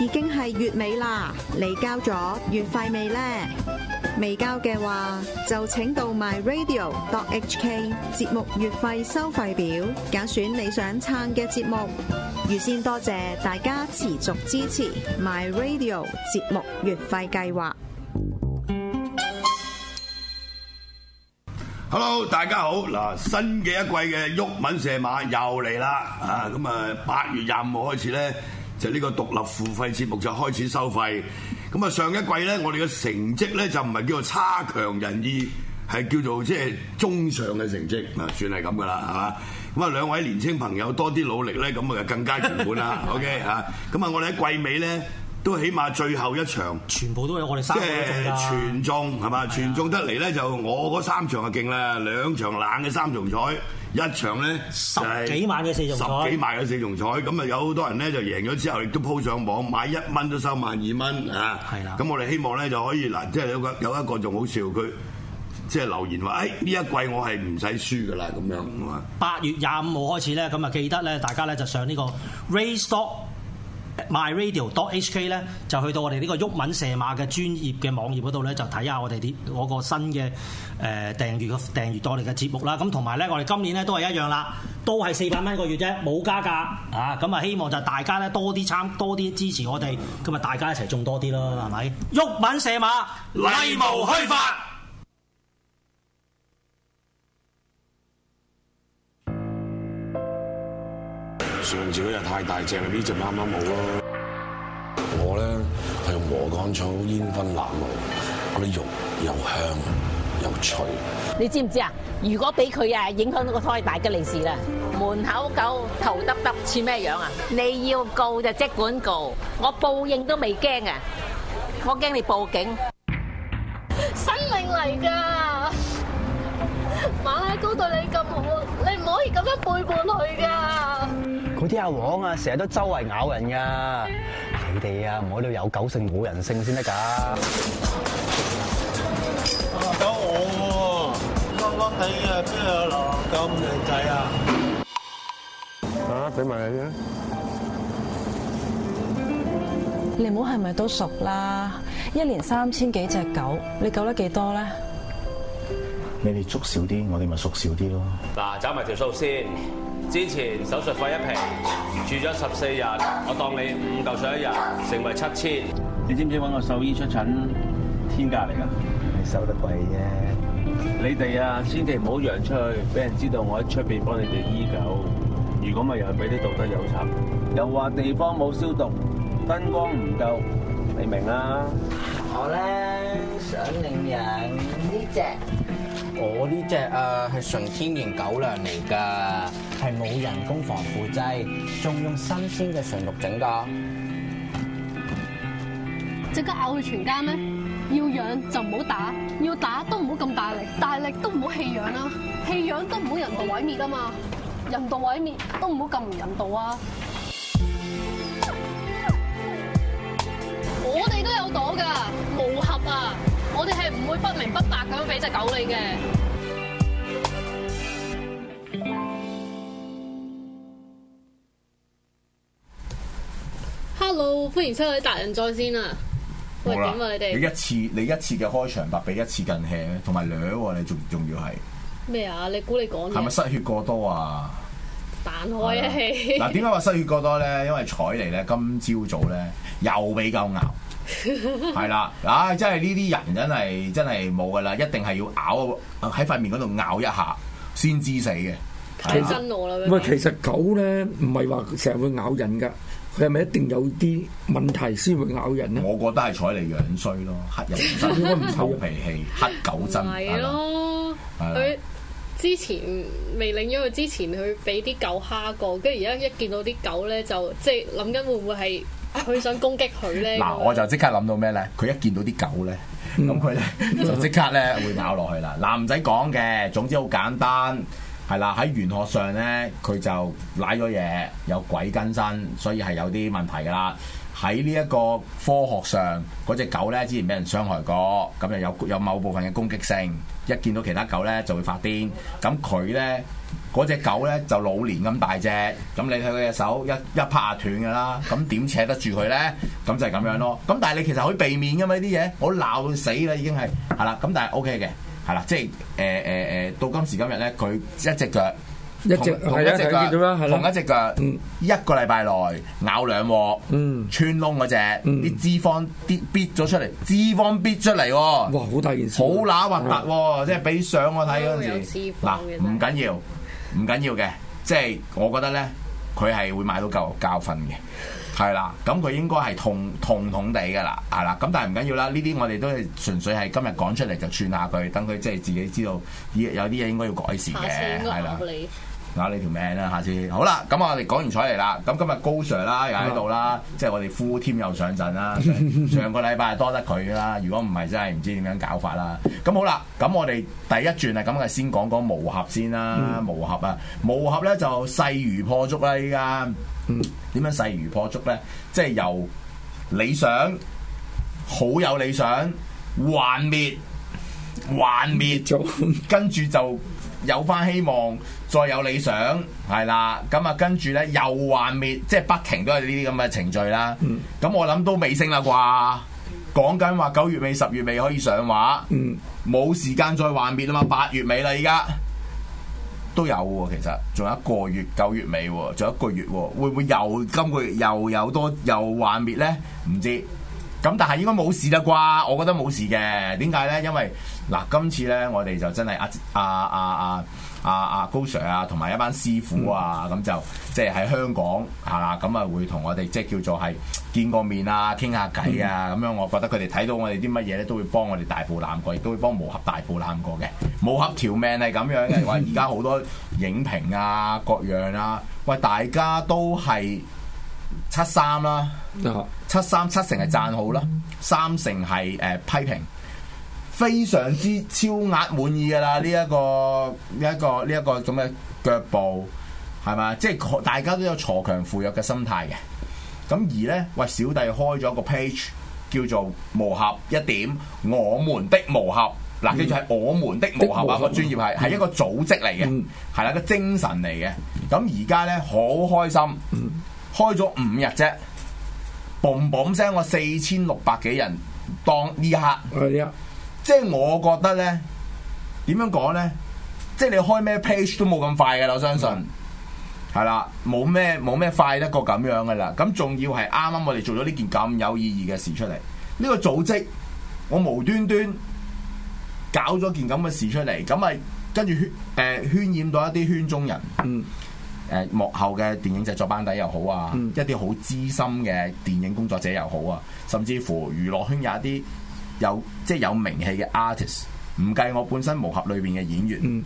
已經係月尾啦，你交咗月費未呢？未交嘅話，就請到 myradio.hk 節目月費收費表，揀選你想撐嘅節目。預先多謝大家持續支持 myradio 節目月費計劃。Hello，大家好，嗱，新嘅一季嘅《郁文射馬》又嚟啦，啊，咁啊，八月廿五號開始咧。就呢個獨立付費節目就開始收費，咁啊上一季咧，我哋嘅成績咧就唔係叫做差強人意，係叫做即係中上嘅成績啊，算係咁噶啦，係嘛？咁啊兩位年輕朋友多啲努力咧，咁啊就更加圓滿啦。 OK 啊，咁啊我哋喺季尾咧。都起碼最後一場，全部都有我哋三場中啦。即係全中係嘛？是的 全中得嚟咧，就我嗰三場就勁啦。兩場冷嘅三重彩，一場咧十幾萬嘅四重彩，十幾萬嘅四重彩。咁啊，有好多人咧就贏咗之後，亦都鋪上網買一蚊都收萬二蚊啊！係啦。咁我哋希望咧就可以嗱，即係有個有一個仲好笑，佢即係留言話：誒呢一季我係唔使輸㗎啦咁樣，八月廿五號開始咧，咁啊記得咧，大家咧就上呢個 Race Stock MyRadio.hk 咧就去到我哋呢個毓民射馬嘅專業嘅網頁嗰度咧，就睇下我哋啲嗰個新嘅誒、呃、訂閲嘅訂閲我哋嘅節目啦。咁同埋咧，我哋今年咧都係一樣啦，都係四百蚊一個月啫，冇加價啊。咁啊，希望就大家咧多啲參多啲支持我哋，咁啊，大家一齊中多啲咯，係咪、嗯？毓民射馬，例無虛發。上次嗰隻太大隻啦，呢隻啱啱好咯。我咧係用禾稈草煙燻鴨肉，嗰啲肉又香又脆。你知唔知啊？如果俾佢啊影響到個胎，大吉利是啦。門口狗頭耷耷似咩樣啊？你要告就即管告，我報應都未驚啊！我驚你報警，生命嚟㗎。馬拉糕對你咁好，你唔可以咁樣背叛佢㗎。啲阿黃啊，成日都周圍咬人噶，你哋啊，唔好喺度有狗性冇人性先得噶。狗我，剛剛睇啊，邊有狼咁靚仔啊？啊，俾埋你啊！你唔好係咪都熟啦？一年三千幾隻狗，你狗得幾多咧？你哋捉少啲，我哋咪熟少啲咯。嗱，找埋條數先。之前手術費一平，住咗十四日，我當你五嚿水一日，成為七千。你知唔知搵個獸醫出診？天價嚟㗎，係咪收得貴啫。你哋啊，千祈唔好揚出去，俾人知道我喺出邊幫你哋醫狗。如果咪又俾啲道德有查，又話地方冇消毒，燈光唔夠，你明啦。我咧想領養呢隻。我呢隻誒係純天然狗糧嚟噶，係冇人工防腐劑，仲用新鮮嘅純鹿整噶。即刻咬佢全家咩？要養就唔好打，要打都唔好咁大力，大力都唔好棄養啦，棄養都唔好人道毀滅吖嘛，人道毀滅都唔好咁唔人道啊！我哋都有袋噶，無盒啊！我哋係唔會不明不白咁樣俾隻狗你嘅。Hello，歡迎收睇達仁在線啊！喂，點吧啊你哋？你一次你一次嘅開場白比一次更氣，同埋量你仲仲要係咩啊？你估你講係咪失血過多啊？彈開一氣嗱，點解話失血過多咧？因為采妮咧今朝早咧又俾狗咬。係啦，唉、 啊，真係呢啲人真係真係冇噶啦，一定係要咬喺塊面嗰度咬一下先知死嘅。其實我啦，喂吧，其實狗咧唔係話成日會咬人噶，佢係咪一定有啲問題先會咬人咧？我覺得係彩嚟，樣衰咯，黑人憎，唔臭 脾氣，黑狗真唔係咯，佢之前未領咗佢之前，佢俾啲狗蝦過，跟住而家一見到啲狗咧，就即係諗緊會唔會係佢、啊、想攻擊佢呢？嗱我就即刻諗到咩呢？佢一見到啲狗呢，咁佢呢，就即刻呢會咬落去啦。嗱唔使講嘅，總之好簡單，係啦。喺玄學上呢，佢就舐咗嘢，有鬼跟身，所以係有啲問題㗎喇。喺呢一個科學上，嗰隻狗呢之前俾人傷害過，咁又有有某部分嘅攻擊性，一見到其他狗呢就會發癲，咁佢呢。嗰隻狗咧就老年咁大隻，咁你睇佢隻手一一拍下斷㗎啦，咁點扯得住佢咧？咁就係咁樣咯。咁但係你其實可以避免噶嘛呢啲嘢，我鬧死啦已經係，係啦。咁但係 O K 嘅，係啦。即係誒誒誒，到今時今日咧，佢一隻腳，一隻同一隻腳，同一隻腳，一個禮拜內咬兩鑊，穿窿嗰隻，啲脂肪啲咇咗出嚟，脂肪咇出嚟喎，嗯、哇！好大件事、啊，好乸核突喎，嗯、即係俾相我睇嗰陣時，嗱、哦，唔緊要。嗯嗯。唔緊要嘅，即係、就是、我覺得咧，佢係會買到夠教訓嘅，係啦，咁佢應該係痛，痛痛痛地噶啦，係啦，咁但係唔緊要啦，呢啲我哋都係純粹係今日講出嚟就串下佢，等佢即係自己知道，有啲嘢應該要改善嘅，係啦。咬你條命啦、啊！下次好啦，咁我哋講完彩嚟啦。咁今日高 Sir 啦又喺度啦，啦啊、即係我哋呼添又上陣啦。 上個禮拜係多得佢啦，如果唔係真係唔知點樣搞法啦。咁好啦，咁我哋第一轉係咁嘅，先講講毛俠先啦。毛俠啊，毛俠咧就勢如破竹啦！依家點樣勢如破竹咧？即係由理想，好有理想，幻滅，幻滅， 跟住就。有翻希望，再有理想，係啦。咁啊，跟住呢，又幻滅，即係不停都係呢啲咁嘅程序啦。咁、嗯、我諗都未升啦啩，講緊話九月尾、十月尾可以上畫，冇、嗯、時間再幻滅啊嘛。八月尾啦，而家都有喎、哦，其實仲有一個月，九月尾仲有一個月、哦，會唔會又今個月又有多又幻滅呢？唔知。咁但係應該冇事啦啩，我覺得冇事嘅。點解咧？因為嗱，今次咧，我哋就真係阿阿阿阿阿阿高 Sir 啊，同埋一班師傅啊，咁、嗯嗯、就即係喺香港係啦，咁、嗯、啊會同我哋即係叫做係見過面啊，傾下偈啊，咁、嗯、樣我覺得佢哋睇到我哋啲乜嘢咧，都會幫我哋大步攬過，亦都會幫毛俠大步攬過嘅。毛俠條命係咁樣嘅，話而家好多影評啊，各樣啊，喂，大家都係。七三啦，七三七成係讚好啦，三成係誒、呃、批評，非常之超額滿意噶啦，呢、這、一個呢一、這個呢一、這個咁嘅腳步係嘛？即係大家都有鋤強扶弱嘅心態嘅。咁而呢，喂小弟開咗個 page 叫做毛俠一點，我們的毛俠嗱，呢就係我們的毛俠啊，個專業係係、嗯、一個組織嚟嘅，係啦、嗯、個精神嚟嘅。咁而家呢，好開心。嗯嗯開咗五日啫，嘣嘣聲，我四千六百幾人當呢刻。 即係我覺得呢，點樣講呢？即係你開咩 page 都冇咁快㗎喇，我相信係啦，冇咩冇咩快得過咁樣噶啦。咁仲要係啱啱我哋做咗呢件咁有意義嘅事出嚟，呢、這個組織，我無端端搞咗件咁嘅事出嚟，咁咪跟住誒圈、呃、渲染到一啲圈中人嗯。誒幕後嘅電影製作班底又好啊，嗯、一啲好資深嘅電影工作者又好啊，甚至乎娛樂圈有一啲有即係、就是、有名氣嘅 artist，唔計我本身毛俠裏邊嘅演員，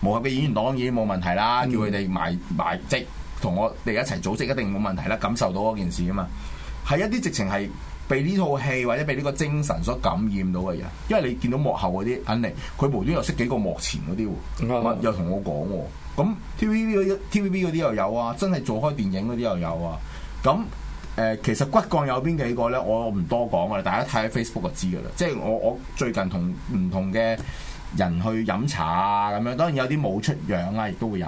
毛俠嘅演員當然冇問題啦，嗯、叫佢哋埋埋即同我哋一齊組織一定冇問題啦，感受到嗰件事啊嘛，係一啲直情係被呢套戲或者被呢個精神所感染到嘅人，因為你見到幕後嗰啲肯定，佢無端又識幾個幕前嗰啲喎，嗯嗯、又同我講喎。咁 T V B 嗰 T V B 嗰啲又有啊，真係做開電影嗰啲又有啊。咁誒、呃，其實骨幹有邊幾個呢？我唔多講噶，大家睇下 Facebook 就知噶啦。即係我我最近同唔同嘅人去飲茶啊咁樣，當然有啲冇出樣啊，亦都會有。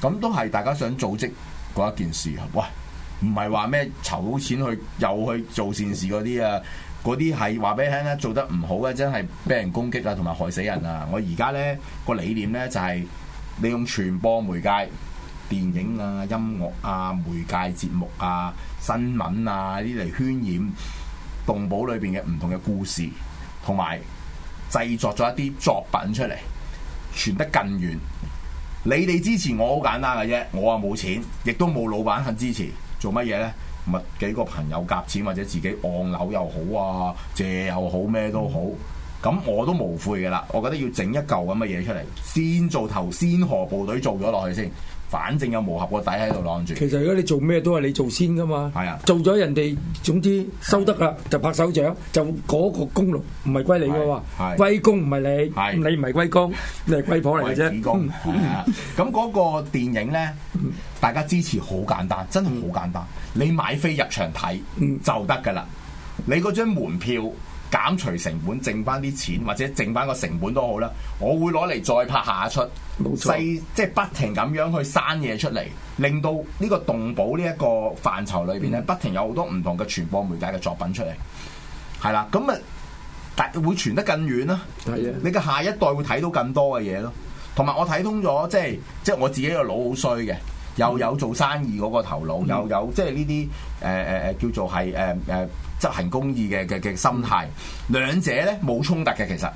咁都係大家想組織嗰一件事啊。喂，唔係話咩籌錢去又去做善事嗰啲啊？嗰啲係話俾你聽咧，做得唔好嘅真係俾人攻擊啊，同埋害死人啊！我而家呢、個理念呢，就係、係。你用傳播媒介、電影啊、音樂啊、媒介節目啊、新聞啊呢啲嚟渲染動保裏邊嘅唔同嘅故事，同埋製作咗一啲作品出嚟，傳得更遠。你哋支持我好簡單嘅啫，我話冇錢，亦都冇老闆肯支持，做乜嘢呢？咪幾個朋友夾錢，或者自己按樓又好啊，借又好咩都好。咁我都無悔㗎啦，我覺得要整一嚿咁嘅嘢出嚟，先做頭先河部隊做咗落去先，反正有磨合個底喺度晾住。其實如果你做咩都係你做先噶嘛，係啊，做咗人哋，總之收得啦、啊、就拍手掌，就嗰個功勞唔係歸你嘅喎，歸功唔係你，你唔係歸功，你係歸婆嚟啫。咁嗰、啊啊啊、個電影咧，大家支持好簡單，真係好簡單，你買飛入場睇就得噶啦，你嗰張門票。減除成本，剩翻啲錢，或者剩翻個成本都好啦。我會攞嚟再拍下一出，冇錯，細即係、就是、不停咁樣去生嘢出嚟，令到呢個動保呢一個範疇裏邊咧，嗯、不停有好多唔同嘅傳播媒介嘅作品出嚟。係啦，咁啊，但會傳得更遠啦。係啊，你嘅下一代會睇到更多嘅嘢咯。同埋我睇通咗，即係即係我自己個腦好衰嘅，又有做生意嗰個頭腦，嗯、又有即係呢啲誒誒誒叫做係誒誒。呃呃呃執行公義嘅嘅嘅心態，兩者呢冇衝突嘅，其實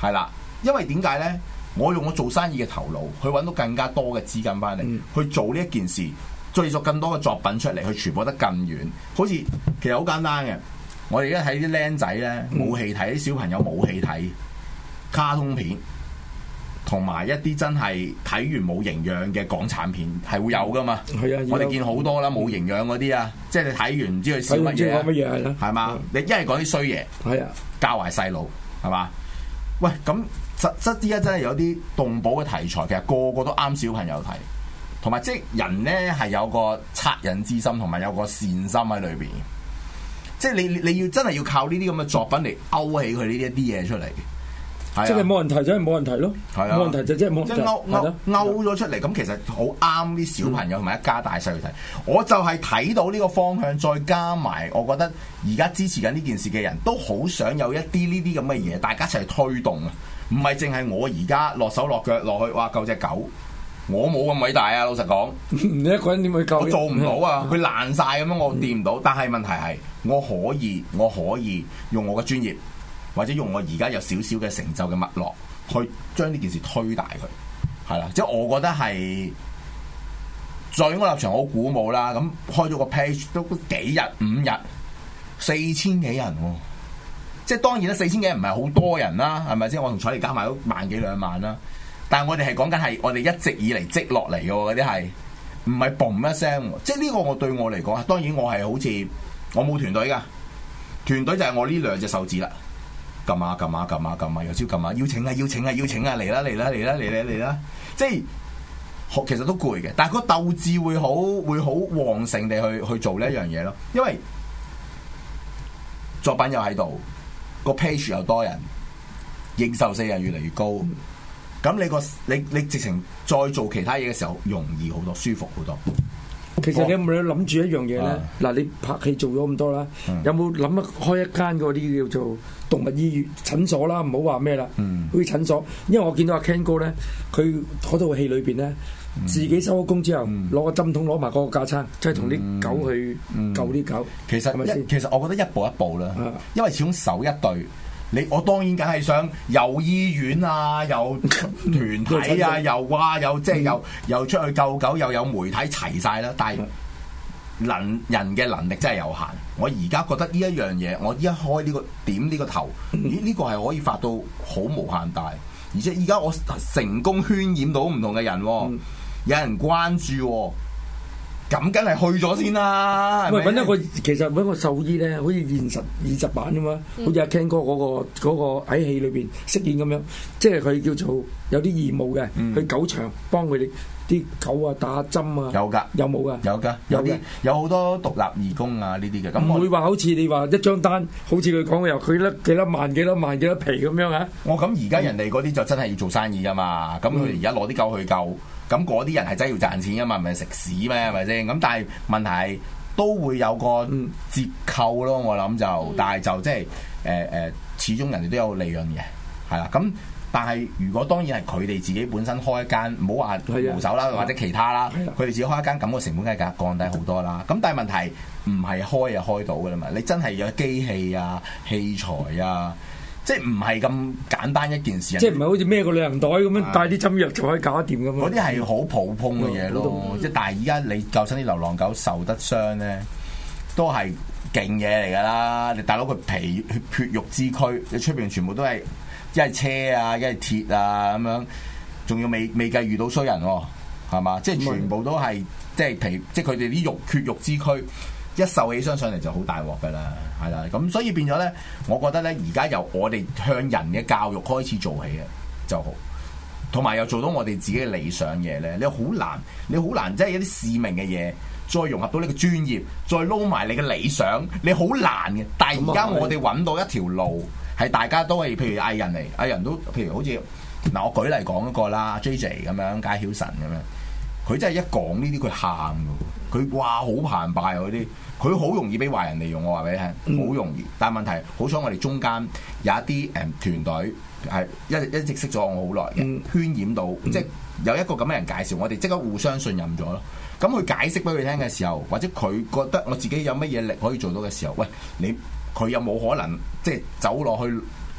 係啦，因為點解呢？我用我做生意嘅頭腦去揾到更加多嘅資金翻嚟去做呢一件事，製作更多嘅作品出嚟去傳播得更遠。好似其實好簡單嘅，我哋而家睇啲靚仔呢，冇戲睇，啲小朋友冇戲睇，卡通片。同埋一啲真係睇完冇營養嘅港產片係會有㗎嘛？係啊的，我哋見好多啦，冇營養嗰啲啊，即係你睇完唔知佢笑乜嘢笑乜嘢係咯？係嘛、啊？吧的你一係講啲衰嘢，係啊，教壞細路係嘛？喂，咁實質依家真係有啲動保嘅題材，其實個個都啱小朋友睇，同埋即係人咧係有個惻隱之心，同埋有，有個善心喺裏邊。即係你你要真係要靠呢啲咁嘅作品嚟勾起佢呢一啲嘢出嚟。即係冇人睇就係冇人睇咯，係啊，冇人睇就即係冇。即係勾勾勾咗出嚟，咁其實好啱啲小朋友同埋一家大細去睇。嗯、我就係睇到呢個方向，再加埋，我覺得而家支持緊呢件事嘅人都好想有一啲呢啲咁嘅嘢，大家一齊去推動啊！唔係淨係我而家落手落腳落去，哇，救隻狗！我冇咁偉大啊，老實講， 你一個人點去救我，啊？我做唔到啊，佢爛晒咁樣，我掂唔到。嗯、但係問題係，我可以，我可以用我嘅專業。或者用我而家有少少嘅成就嘅脈絡，去將呢件事推大佢，係啦。即係我覺得係在我立場好鼓舞啦。咁開咗個 page 都幾日五日四千幾人，即係當然啦，四千幾人唔係好多人啦，哦，係咪先？即我同采妮加埋都萬幾兩萬啦。但係我哋係講緊係我哋一直以嚟積落嚟嘅嗰啲係唔係嘣一聲？即係呢個我對我嚟講，當然我係好似我冇團隊噶，團隊就係我呢兩隻手指啦。撳啊撳啊撳啊撳啊，有招撳啊，邀請啊邀請啊邀請啊，嚟啦嚟啦嚟啦嚟啦嚟啦嚟啦嚟啦，即係，其實都攰嘅，但係個鬥志會好會好旺盛地去去做呢一樣嘢咯，因為作品又喺度，個 page 又多人，認受性又越嚟越高，咁、嗯、你個你你直情再做其他嘢嘅時候，容易好多，舒服好多。其實你有冇諗住一樣嘢咧？嗱、啊，你拍戲做咗咁多啦，嗯、有冇諗開一間嗰啲叫做動物醫院診所啦？唔、嗯、好話咩啦，好似診所。因為我見到阿 Ken 哥咧，佢嗰套戲裏邊咧，嗯、自己收咗工之後，攞、嗯、個針筒攞埋嗰個架撐，即係同啲狗去救啲狗、嗯。其實吧一其實我覺得一步一步啦，啊、因為始終守一隊。你我當然梗係想又醫院啊，又團體啊， 正又哇，又即係又，又出去救狗，又有媒體齊晒啦。但係能人嘅能力真係有限。我而家覺得呢一樣嘢，我一開呢、呢個點呢個頭，咦？呢、呢個係可以發到好無限大，而且依家我成功渲染到唔同嘅人、哦， 有人關注、哦。咁梗係去咗先啦，喂，揾一個其實揾個獸醫咧，好似現實二十版咁嘛，好似阿 Ken 哥嗰、嗰個喺、嗰個、戲裏邊飾演咁樣，即係佢叫做有啲義務嘅，嗯、去狗場幫佢哋啲狗啊打針啊，有噶的，有冇噶，有噶，有啲有好多獨立義工啊呢啲嘅，唔會話好似你話一張單，好似佢講嘅由佢得幾多萬幾多萬幾多皮咁樣啊？我咁而家人哋嗰啲就真係要做生意噶嘛，咁佢哋而家攞啲狗去救。咁嗰啲人係真係要賺錢噶嘛，唔係食屎咩？係咪先？咁但係問題都會有個折扣咯，我諗就，但係就即係誒誒，始終人哋都有利潤嘅，係啦。咁但係如果當然係佢哋自己本身開一間，唔好話無手啦或者其他啦，佢哋自己開一間咁嘅成本價格降低好多啦。咁但係問題唔係開就開到噶啦嘛，你真係有機器啊、器材啊。即係唔係咁簡單一件事，即係唔係好似孭個旅行袋咁樣是的 帶啲針藥就可以搞掂咁樣。嗰啲係好普通嘅嘢咯，嗯嗯、即係但係而家你救親啲流浪狗受得傷咧，都係勁嘢嚟噶啦！你大佬佢皮血，血肉之軀，你出邊全部都係即係車啊，一係鐵啊咁樣，仲要未未計遇到衰人喎，係嘛？即係全部都係即係皮，即係佢哋啲肉血肉之軀。一受起傷上嚟就好大鑊噶啦，係啦，咁所以變咗呢，我覺得呢，而家由我哋向人嘅教育開始做起啊，就好，同埋又做到我哋自己嘅理想嘢呢，你好難，你好難，即係一啲市民嘅嘢，再融合到你個專業，再撈埋你嘅理想，你好難嘅。但係而家我哋揾到一條路，係大家都係譬如藝人嚟，藝人都譬如好似嗱，我舉例講一個啦，J J 咁樣，解曉晨咁樣，佢真係一講呢啲佢喊嘅，佢話好澎湃嗰啲。佢好容易俾壞人利用，我話俾你聽，好容易。但係問題，好彩我哋中間有一啲誒團隊係一一直識咗我好耐嘅，渲、嗯、染到，嗯、即係有一個咁嘅人介紹，我哋即刻互相信任咗咯。咁佢解釋俾佢聽嘅時候，或者佢覺得我自己有乜嘢力可以做到嘅時候，喂，你佢有冇可能即係走落去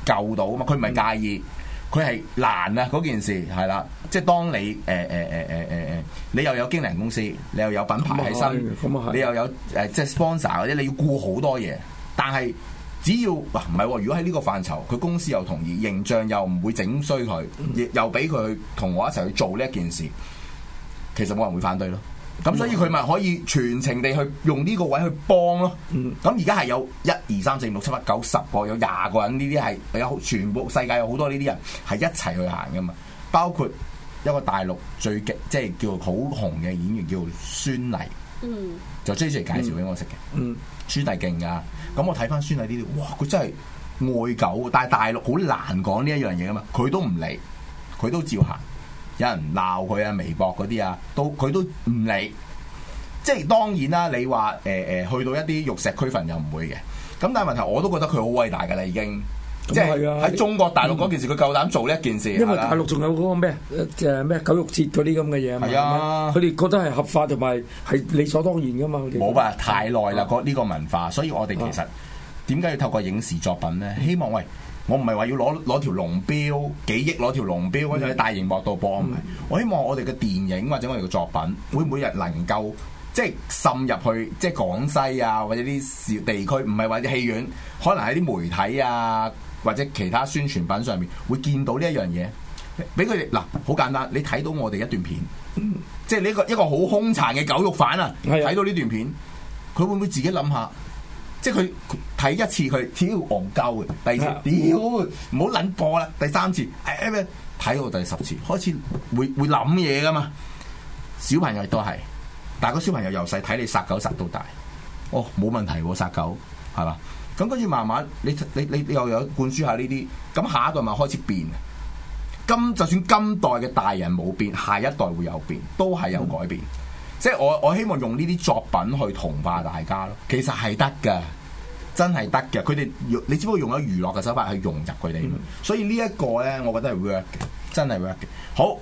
救到嘛，佢唔係介意。嗯佢係難啊！嗰件事係啦，即係當你誒誒誒誒誒誒，你又有經理人公司，你又有品牌喺身， 你又有誒即係 sponsor 嗰啲，你要顧好多嘢。但係只要哇唔係喎，如果喺呢個範疇，佢公司又同意，形象又唔會整衰佢， 又俾佢去同我一齊去做呢一件事，其實冇人會反對咯。咁所以佢咪可以全程地去用呢個位去幫咯。咁而家係有一二三四五六七八九十個，有廿個人呢啲係比較好。全部世界有好多呢啲人係一齊去行噶嘛。包括一個大陸最極即係叫好紅嘅演員叫做孫儷，嗯，就 JayJay 介紹俾我識嘅。嗯，嗯，孫儷勁噶。咁我睇翻孫儷呢啲料，哇！佢真係愛狗，但係大陸好難講呢一樣嘢啊嘛。佢都唔理，佢都照行。有人鬧佢啊，微博嗰啲啊，都佢都唔理。即係當然啦，你話誒誒去到一啲玉石俱焚又唔會嘅。咁但係問題我都覺得佢好偉大嘅啦，已經。即係啊！喺中國大陸嗰件事，佢夠膽做呢一件事。因為大陸仲有嗰個咩誒咩狗肉節嗰啲咁嘅嘢啊嘛。係啊！佢哋覺得係合法同埋係理所當然噶嘛。冇吧，太耐啦呢個文化，所以我哋其實點解、啊、要透過影視作品咧？希望喂。我唔係話要攞攞條龍標，幾億攞條龍標嗰陣喺大型博道播、嗯、我希望我哋嘅電影或者我哋嘅作品，會每日能夠即係滲入去即係廣西啊或者啲地區，唔係話隻戲院，可能喺啲媒體啊或者其他宣傳品上面會見到呢一樣嘢，俾佢哋嗱，好簡單，你睇到我哋一段片， 即係呢個一個好兇殘嘅狗肉販啊，睇到呢段片，佢會唔會自己諗下？即係佢睇一次佢超戇鳩嘅，第二次屌唔好撚播啦，第三次睇到第十次，開始會會諗嘢噶嘛，小朋友都係。但係個小朋友由細睇你殺狗殺到大，哦冇問題、啊、殺狗係嘛，咁跟住慢慢你你你又有灌輸下呢啲，咁下一代咪開始變，今就算今代嘅大人冇變，下一代會有變，都係有改變。嗯即係我我希望用呢啲作品去同化大家咯，其實係得嘅，真係得嘅。佢哋用你只不過用咗娛樂嘅手法去融入佢哋，嗯、所以呢一個咧，我覺得係 work 嘅，真係 work 嘅。好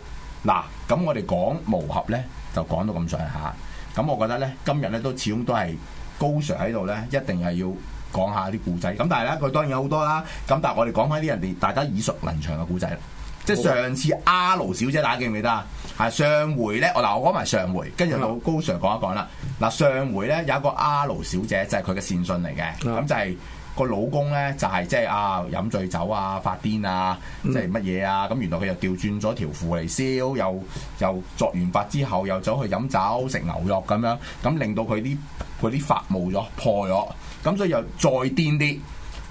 嗱，咁我哋講毛俠咧，就講到咁上下。咁我覺得咧，今日咧都始終都係高 Sir 喺度咧，一定係要講下啲故仔。咁但係咧，佢當然有好多啦。咁但係我哋講翻啲人哋大家耳熟能詳嘅故仔，即係上次阿盧小姐打嘅，記唔記得啊？啊，上回咧，我嗱我講埋上回，跟住老高 Sir 講一講啦。嗱、嗯，上回咧有一個阿奴小姐就係佢嘅善信嚟嘅，咁、嗯、就係個老公咧就係即係啊飲醉酒啊發癲啊，即係乜嘢啊？咁原來佢又調轉咗條符嚟燒，又又作完法之後又走去飲酒食牛肉咁樣，咁令到佢啲佢啲法毛咗破咗，咁所以又再癲啲。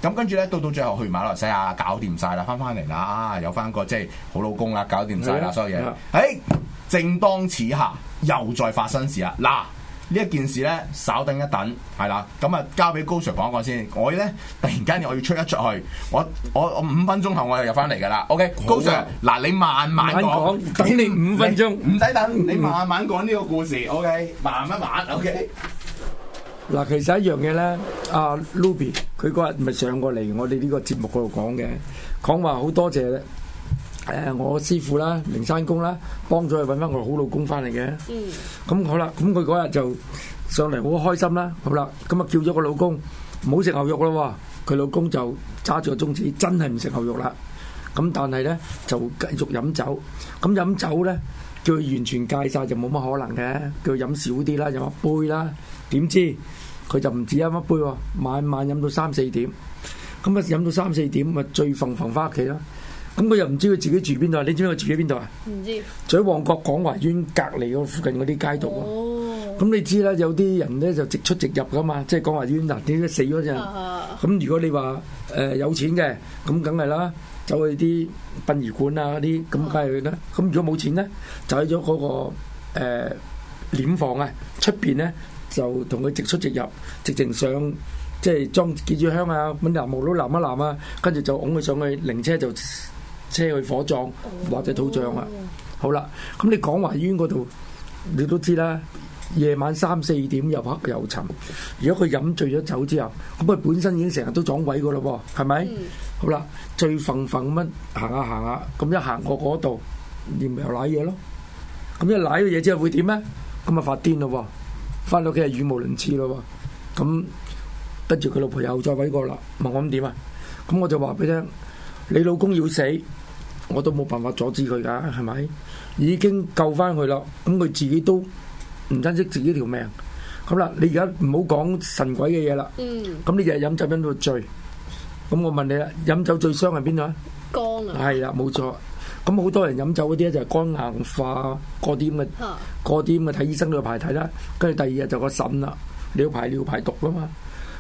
咁跟住咧，到到最後去馬來西亞搞掂晒啦，翻翻嚟啦，有翻個即係好老公啦、啊，搞掂晒啦，的所有嘢。誒的、哎，正當此下又再發生事啦！嗱，呢一件事咧，稍等一等，係啦，咁啊，交俾高 Sir 講講先。我咧突然間又要出一出去，我我我五分鐘後我又入翻嚟噶啦。OK，、啊、高 Sir，嗱，你慢慢講，等你五分鐘，唔使等，嗯嗯你慢慢講呢個故事。OK，慢慢玩。OK。嗱，其實一樣嘢咧，阿、啊、Luby 佢嗰日咪上過嚟我哋呢個節目嗰度講嘅，講話好多謝誒、呃、我師傅啦、靈山公啦，幫咗佢揾翻個好老公翻嚟嘅。嗯，咁、嗯、好啦，咁佢嗰日就上嚟好開心啦，好啦，咁、嗯、啊叫咗個老公唔好食牛肉啦喎，佢老公就揸住個宗旨，真係唔食牛肉啦。咁但係咧就繼續飲酒，咁飲酒咧叫佢完全戒晒，就冇乜可能嘅，叫佢飲少啲啦，飲一杯啦，點知佢就唔止飲一杯喎，晚晚飲到三四點，咁啊飲到三四點咪醉醺醺翻屋企咯，咁、嗯、佢又唔知佢自己住邊度，你知唔知佢住喺邊度啊？唔知住喺旺角廣華醫院隔離嗰附近嗰啲街道啊，咁、哦嗯、你知啦，有啲人咧就直出直入噶嘛，即係廣華醫院嗱點解死咗啫？咁哈如果你話誒、呃、有錢嘅，咁梗係啦。走去啲殯儀館啊，嗰啲咁梗係去啦。咁、啊、如果冇錢咧，就喺咗嗰個誒殮、呃、房啊，出邊咧就同佢直出直入，直情上即係裝幾支香啊，揾南無佬南一南啊，跟住就拱佢上去靈車，就車去火葬、哦、或者土葬啊。好啦，咁你廣華醫院嗰度你都知啦。夜晚三四點又黑又沉，如果佢飲醉咗酒之後，咁佢本身已經成日都撞鬼噶咯，喎，係咪？嗯、好啦，醉醺醺乜？行下行下，咁一行過嗰度，你咪又瀨嘢咯。咁一瀨咗嘢之後會點咧？咁啊發癲咯，喎，翻到屋企係語無倫次咯，喎。咁跟住佢老婆又再揾我啦，問我點啊？咁我就話俾你聽，你老公要死，我都冇辦法阻止佢㗎，係咪？已經救翻佢啦，咁佢自己都。唔珍惜自己條命，咁啦，你而家唔好講神鬼嘅嘢啦。嗯。咁你日日飲酒飲到醉，咁我問你啦，飲酒最傷係邊度啊？肝啊。係啦，冇錯。咁好多人飲酒嗰啲咧就係肝硬化，嗰啲咁嘅，嗰啲咁嘅睇醫生都要排睇啦。跟住第二日就個腎啦，你要排尿排毒噶嘛。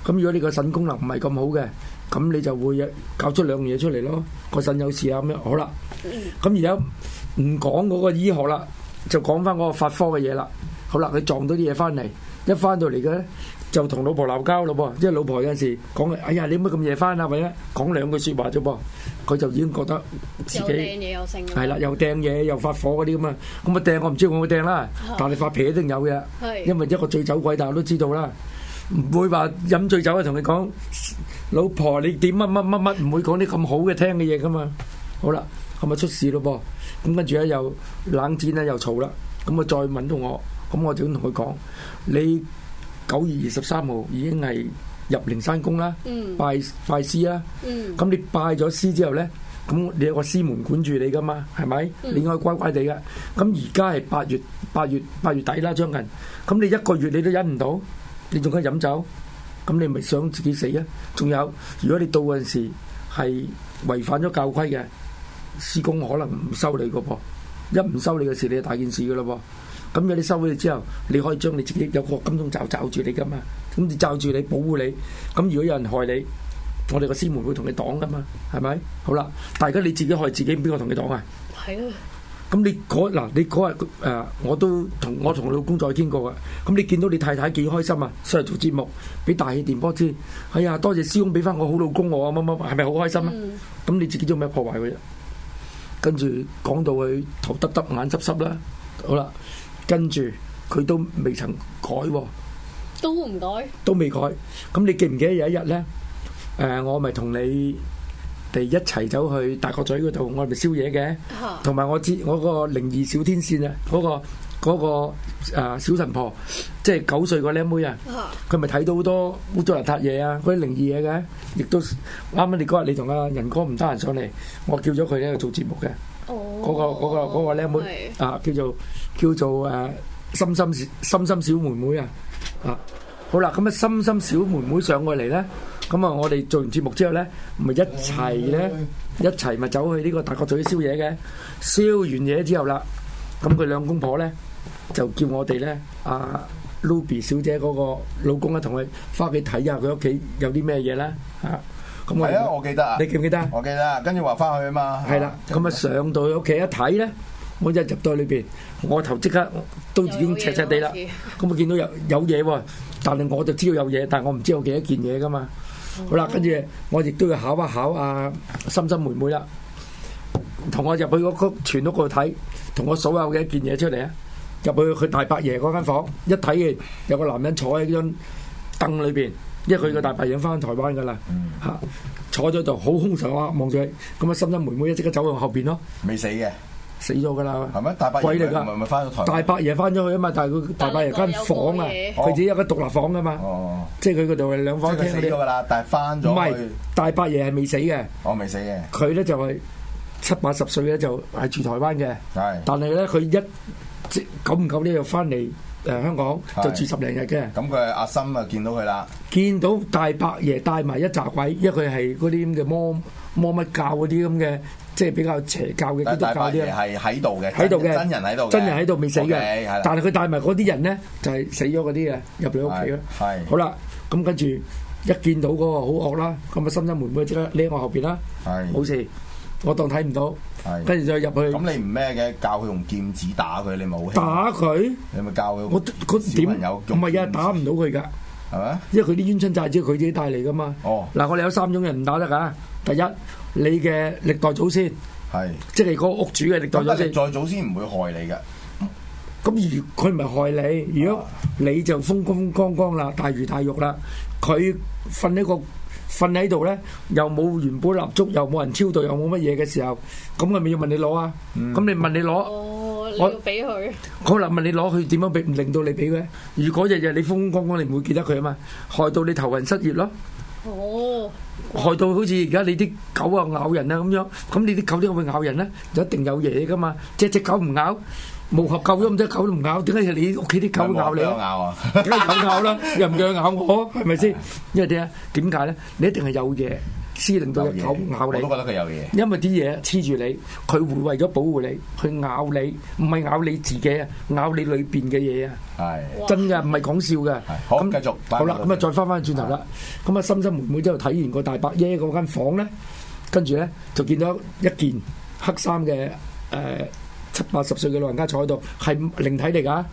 咁如果你個腎功能唔係咁好嘅，咁你就會搞出兩樣嘢出嚟咯。個腎有事啊咁樣，好啦。咁而家唔講嗰個醫學啦，就講翻嗰個法科嘅嘢啦。好啦，佢撞到啲嘢翻嚟，一翻到嚟嘅咧就同老婆鬧交咯噃，即係老婆有陣時講：哎呀，你唔好咁夜翻啊！或者講兩句說話啫噃，佢就已經覺得自己係啦，又掟嘢又發火嗰啲咁啊，咁啊掟我唔知我有冇掟啦，但係發脾一定有嘅，嗯嗯嗯、因為一個醉酒鬼，大家都知道啦，唔會話飲醉酒啊同你講老婆你點乜乜乜乜，唔會講啲咁好嘅聽嘅嘢噶嘛。好啦，咁啊出事咯噃，咁、嗯嗯嗯、跟住咧又冷戰咧又嘈啦，咁啊再問到我。咁我就同佢講：你九月二十三號已經係入靈山宮啦、嗯，拜拜師啦。咁、嗯、你拜咗師之後呢，咁你有個師門管住你噶嘛，係咪？你應該乖乖地嘅。咁而家係八月八月八月底啦，將近。咁你一個月你都忍唔到，你仲可以飲酒？咁你咪想自己死啊？仲有，如果你到嗰陣時係違反咗教規嘅，師公可能唔收你噶噃。一唔收你嘅事，你就大件事噶嘞噃。咁有啲收咗之後，你可以將你自己有個金鐘罩罩住你噶嘛？咁罩住你保護你。咁如果有人害你，我哋個師門會同你擋噶嘛？係咪？好啦，大家你自己害自己，邊個同你擋啊？係啊。咁你嗰嗱你嗰日誒、呃、我都同我同老公再見過噶。咁你見到你太太幾開心啊？上嚟做節目，俾大氣電波知。哎呀，多謝師公俾翻我好老公我啊！乜乜，係咪好開心啊？咁、嗯、你自己做咩破壞佢？跟住講到佢頭耷、呃、耷、呃、眼濕濕啦。好啦。跟住佢都未曾改喎、哦，都唔改，都未改。咁、嗯、你記唔記得有一日咧？誒、呃，我咪同你哋一齊走去大角咀嗰度，我哋宵夜嘅，同埋、啊、我知我個靈異小天線啊，嗰、那個嗰、那個呃、小神婆，即係九歲個僆妹，妹啊，佢咪睇到好多烏糟邋遢嘢啊，嗰啲靈異嘢嘅、啊，亦都啱啱你嗰日你同阿仁哥唔得閒上嚟，我叫咗佢喺度做節目嘅。嗰、那個嗰、那個嗰、那個靚妹是啊，叫做叫做誒心心小心心小妹妹啊！啊，好啦，咁啊心心小妹妹上過嚟咧，咁啊我哋做完節目之後咧，咪一齊咧一齊咪走去呢個大角咀燒嘢嘅，燒完嘢之後啦，咁佢兩公婆咧就叫我哋咧，啊，Luby 小姐嗰個老公咧同佢翻屋企，睇下佢屋企有啲咩嘢啦，啊！咁係啊，我記得啊，你記唔記得啊？我記得，跟住話翻去啊嘛。係啦，咁啊上到去屋企一睇咧，我一入到去裏邊，我頭即刻都已經赤赤地啦。咁我見到有有嘢喎，但係我就知道有嘢，但我唔知有幾多件嘢噶嘛。好啦，跟住我亦都要考一考啊，心心妹妹啦，同我入去嗰曲傳咗過去睇，同我數下有幾多件嘢出嚟啊。入去佢大伯爺嗰間房一睇嘅，有個男人坐喺張凳裏邊。因為佢個大伯爺翻台灣噶啦，嚇、嗯、坐咗度好兇手啊，望住佢。咁啊，心心妹妹一即刻走去後邊咯。未死嘅，死咗噶啦。係咪大伯爺唔係翻咗台灣？鬼嚟㗎！大伯爺翻咗去啊嘛，但係佢大伯爺間房啊，佢自己有間獨立房噶嘛。哦，即係佢嗰度係兩房。佢死咗㗎啦，但係翻咗。唔係大伯爺係未死嘅。我未死嘅。佢咧就係七八十歲咧，就係住台灣嘅。係。但係咧，佢一即係久唔久呢？又翻嚟，誒香港就住十零日嘅，咁佢阿心啊見到佢啦，見到大伯爺帶埋一紮鬼，因為佢係嗰啲咁嘅魔魔乜教嗰啲咁嘅，即係比較邪教嘅宗教啲啦。大伯爺係喺度嘅，喺度嘅，真人喺度，真人喺度未死嘅，但係佢帶埋嗰啲人咧就係死咗嗰啲嘅入你屋企咯。係，好啦，咁跟住一見到嗰個好惡啦，咁阿心一門妹即刻匿喺我後邊啦，係，冇事，我當睇唔到。係，跟住就入去。咁你唔咩嘅？教佢用劍指打佢，你冇好。打佢？你咪教佢。我我小唔係啊，打唔到佢噶，係嘛？因為佢啲冤親債主佢自己帶嚟噶嘛。哦，嗱，我哋有三種人唔打得噶。第一，你嘅歷代祖先係，即係你個屋主嘅歷代祖先。但係歷代祖先唔會害你噶。咁如佢唔係害你，如果你就風風光光啦，大魚大肉啦，佢瞓呢個。瞓喺度咧，又冇原本蠟燭，又冇人超度，又冇乜嘢嘅時候，咁係咪要問你攞啊？咁你問你攞，攞俾佢。可能問你攞，佢點樣俾？唔令到你俾佢。如果日日你風風光光，你唔會記得佢啊嘛，害到你頭暈失憶咯。哦，害到好似而家你啲狗啊咬人啊咁樣，咁你啲狗點會咬人咧？就一定有嘢噶嘛。隻隻狗唔咬，冇合救咗咁多狗都唔咬。點解又你屋企啲狗咬你？咬啊！點解狗咬啦？又唔讓咬我，係咪先？因為點啊？點解咧？你一定係有嘢，刺激到隻狗咬你。我都覺得佢有嘢。因為啲嘢黐住你，佢會為咗保護你，去咬你，唔係咬你自己啊，咬你裏邊嘅嘢啊。係真嘅，唔係講笑嘅。好，繼續。好啦，咁啊，再翻翻轉頭啦。咁啊，深深妹妹之後睇完個大伯爺嗰間房咧，跟住咧就見到一件黑衫嘅誒。七八十歲嘅老人家坐喺度，係靈體嚟噶。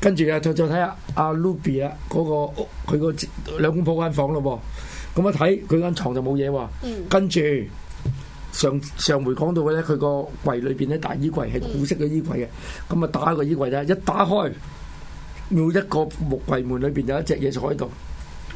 跟住啊，再再睇下阿 Ruby 啦，嗰個屋佢個兩公婆間房咯噃。咁一睇佢間床就冇嘢喎。跟住上上回講到嘅咧，佢個櫃裏邊咧，大衣櫃係古式嘅衣櫃嘅。咁啊，打開個衣櫃啦，一打開每一個木櫃門裏邊有一隻嘢坐喺度。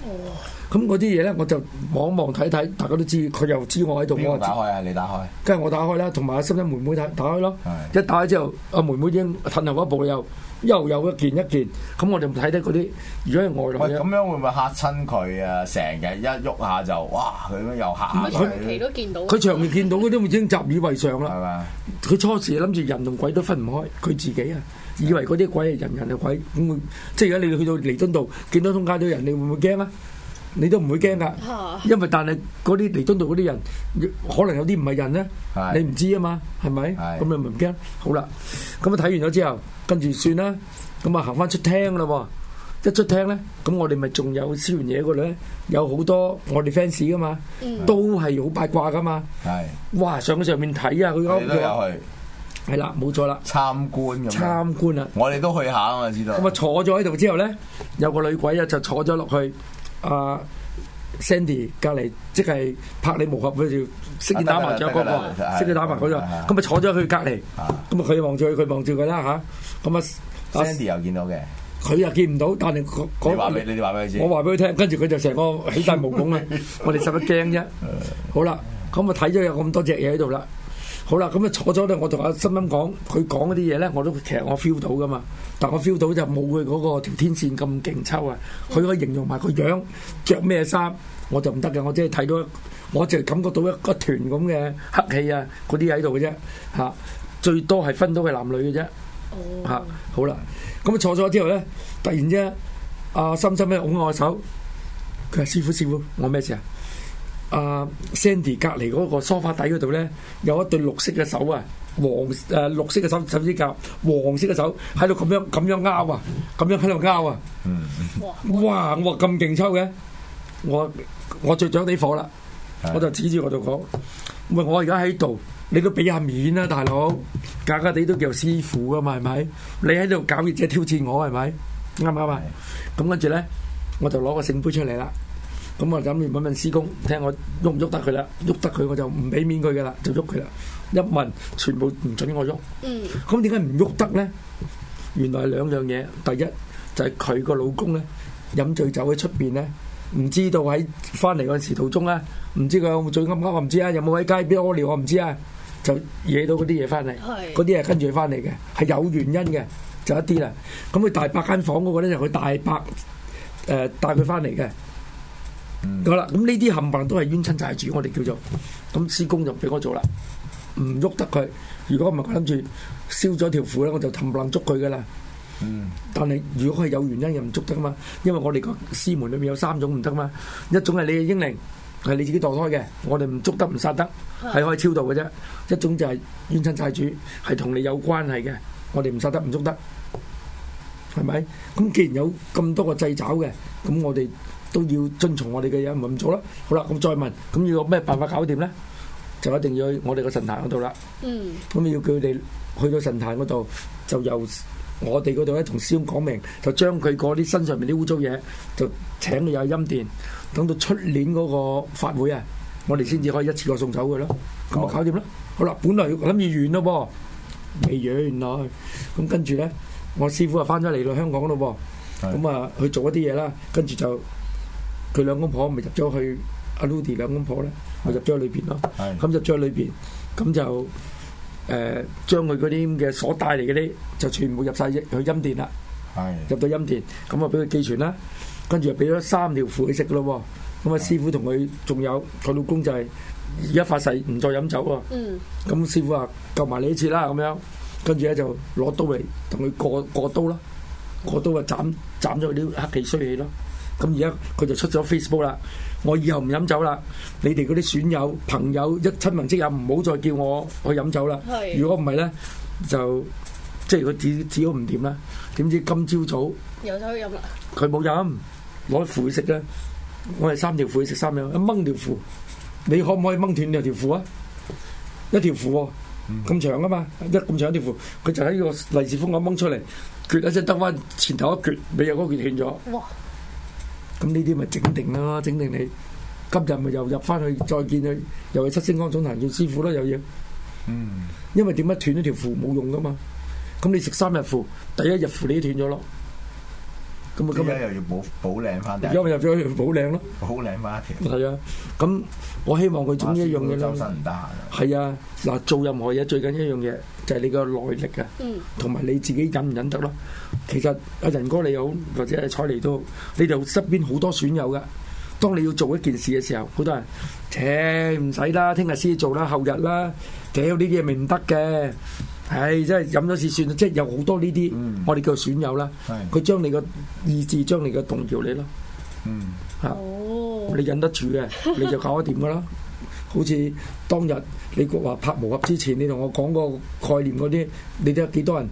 哦，咁嗰啲嘢咧，我就望望睇睇，大家都知，佢又知我喺度。邊個打開啊？你打開，跟住我打開啦，同埋阿心欣妹妹打打開咯。係一打開之後，阿妹妹已經褪後一步啦。又又有一件一件，咁我哋睇睇嗰啲，如果係外來嘅。咁樣會唔會嚇親佢啊？成日一喐下就哇，佢咁又嚇嚇佢。佢長期都見到，佢長期見到嗰啲，已經習以為常啦。係咪？佢初時諗住人同鬼都分唔開，佢自己啊。以為嗰啲鬼係人，人係鬼，咁即係而家你去到彌敦道，見到通街啲人，你會唔會驚啊？你都唔會驚噶，因為但係嗰啲彌敦道嗰啲人，可能有啲唔係人咧，是 你唔知啊嘛，係咪？咁你咪唔驚。好啦，咁啊睇完咗之後，跟住算啦，咁啊行翻出廳啦，一出廳咧，咁我哋咪仲有燒完嘢嗰度咧，有好多我哋 fans 噶嘛，都係好八卦噶嘛，是 哇！上去上面睇啊，佢勾住。係啦，冇錯啦，參觀咁。參觀啊！我哋都去下我嘛，知道。咁啊，坐咗喺度之後咧，有個女鬼啊，就坐咗落去阿 Sandy 隔籬，即係拍你冇合佢就，識嘢打麻雀嗰個，識嘢打麻雀，咁啊坐咗佢隔籬，咁啊佢望住佢，望住佢啦吓。咁啊 Sandy 又見到嘅，佢又見唔到，但係嗰嗰，你話俾你哋話俾佢知，我話俾佢聽，跟住佢就成個起晒毛管啦。我哋十分驚啫。好啦，咁啊睇咗有咁多隻嘢喺度啦。好啦，咁啊坐咗咧，我同阿森心講，佢講嗰啲嘢咧，我都其實我 feel 到噶嘛，但我 feel 到就冇佢嗰個條天線咁勁抽啊，佢可以形容埋個樣着咩衫，我就唔得嘅，我只係睇到，我淨係感覺到一個團咁嘅黑氣啊，嗰啲喺度嘅啫，吓、啊，最多係分到佢男女嘅啫，吓、啊，好啦，咁啊坐咗之後咧，突然之間，阿森森咧拱我手，佢話，師傅師傅，我咩事啊？阿、uh, Sandy 隔離嗰個梳化底嗰度咧，有一對綠色嘅手啊，黃誒、uh, 綠色嘅手手指甲，黃色嘅手喺度咁樣咁樣拗啊，咁樣喺度拗啊，哇我話咁勁抽嘅，我我着咗啲火啦，的我就指住我度講，喂，我而家喺度，你都俾下面啦、啊，大佬，假假哋都叫師傅噶嘛，係咪？你喺度搞嘢即係挑戰我係咪？啱唔啱啊？咁跟住咧，我就攞個聖杯出嚟啦。咁我諗住搵搵師公，睇我喐唔喐得佢啦？喐得佢我就唔俾面佢嘅啦，就喐佢啦。一問全部唔准我喐。嗯。咁點解唔喐得咧？原來兩樣嘢，第一就係佢個老公咧，飲醉酒喺出邊咧，唔知道喺翻嚟嗰時途中咧，唔知佢有冇醉噏噏，我唔知啊，有冇喺街邊屙尿我唔知啊，就惹到嗰啲嘢翻嚟。嗰啲嘢跟住佢翻嚟嘅，係有原因嘅，就一啲啦。咁佢大伯間房嗰個咧，就佢大伯誒、呃、帶佢翻嚟嘅。好啦，咁呢啲冚唪唥都係冤親債主，我哋叫做咁施公就俾我做啦，唔喐得佢。如果唔係我諗住燒咗條褲咧，我就冚唪唥捉佢噶啦。嗯，但係如果係有原因又唔捉得嘛，因為我哋個師門裏面有三種唔得嘛，一種係你嘅英靈係你自己墮胎嘅，我哋唔捉得唔殺得，係可以超度嘅啫。一種就係冤親債主係同你有關係嘅，我哋唔殺得唔捉得，係咪？咁既然有咁多個掣肘嘅，咁我哋。都要遵從我哋嘅嘢，咪咁做咯。好啦，咁再問，咁要有咩辦法搞掂咧？就一定要去我哋個神壇嗰度啦。嗯。咁要叫佢哋去到神壇嗰度，就由我哋嗰度咧同師傅講明，就將佢嗰啲身上面啲污糟嘢，就請佢入陰殿，等到出年嗰個法會啊，我哋先至可以一次過送走佢咯。咁啊，搞掂啦。好啦，本來諗住完咯噃，未完，原來咁跟住咧，我師傅啊翻咗嚟到香港咯噃。咁啊，去做一啲嘢啦，跟住就。佢兩公婆咪入咗去阿 Ludi 兩公婆咧，咪的入咗喺裏邊咯。咁入咗喺裏邊，咁就誒將佢嗰啲嘅所帶嚟嗰啲，就全部入晒去陰殿啦。的入到陰殿，咁啊俾佢寄存啦。跟住就俾咗三條符佢食咯。咁啊，師傅同佢仲有佢老公就係而家發誓唔再飲酒喎。咁、嗯、師傅話救埋你一次啦咁樣，跟住咧就攞刀嚟同佢過過刀啦，過刀啊斬斬咗啲黑氣衰氣咯。咁而家佢就出咗 Facebook 啦。我以後唔飲酒啦。你哋嗰啲損友、朋友、一親朋戚友唔好再叫我去飲酒啦。如果唔係咧，就即係佢只只好唔掂啦。點知今朝早又走去飲啦？佢冇飲，攞符食咧。我係三條符去食三樣，一掹條符，你可唔可以掹斷兩條符啊？一條符喎、哦、咁、嗯、長噶嘛，一咁長一條符，佢就喺個利是封嗰掹出嚟，撅一隻得翻前頭一撅，尾嗰個撅斷咗。哇咁呢啲咪整定啦，整定你今日咪又入翻去，再見佢，又去七星崗總堂叫師傅咯，又要，嗯，因為點解斷咗條符冇用噶嘛，咁你食三日符，第一日符你都斷咗咯。今日又要補補領翻，而家入咗要補領咯，好領翻一條。係啊，咁我希望佢做一樣嘢，咧。周生唔得係啊，嗱，做任何嘢最緊一樣嘢就係你個耐力啊，同埋、嗯、你自己忍唔忍得咯。其實阿仁哥你好，或者采妮都，你就側邊好多損友噶。當你要做一件事嘅時候，好多人，誒唔使啦，聽日先做啦，後日啦，屌呢啲嘢咪唔得嘅。係，即係飲咗次算，即係有好多呢啲，我哋叫損友啦。佢將你個意志，將你個動搖你咯。嗯，嚇，你忍得住嘅，你就搞得掂噶啦。好似當日你話拍毛俠之前，你同我講個概念嗰啲，你都有幾多人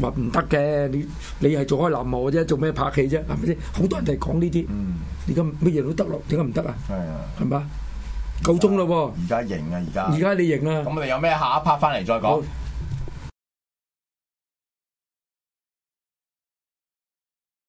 話唔得嘅。你你係做開男模啫，做咩拍戲啫？係咪先？好多人就係講呢啲。嗯，而家咩嘢都得咯，點解唔得啊？係啊，係嘛？夠鐘咯喎！而家型啊，而家而家你型啦。咁我有咩下一 part 翻嚟再講？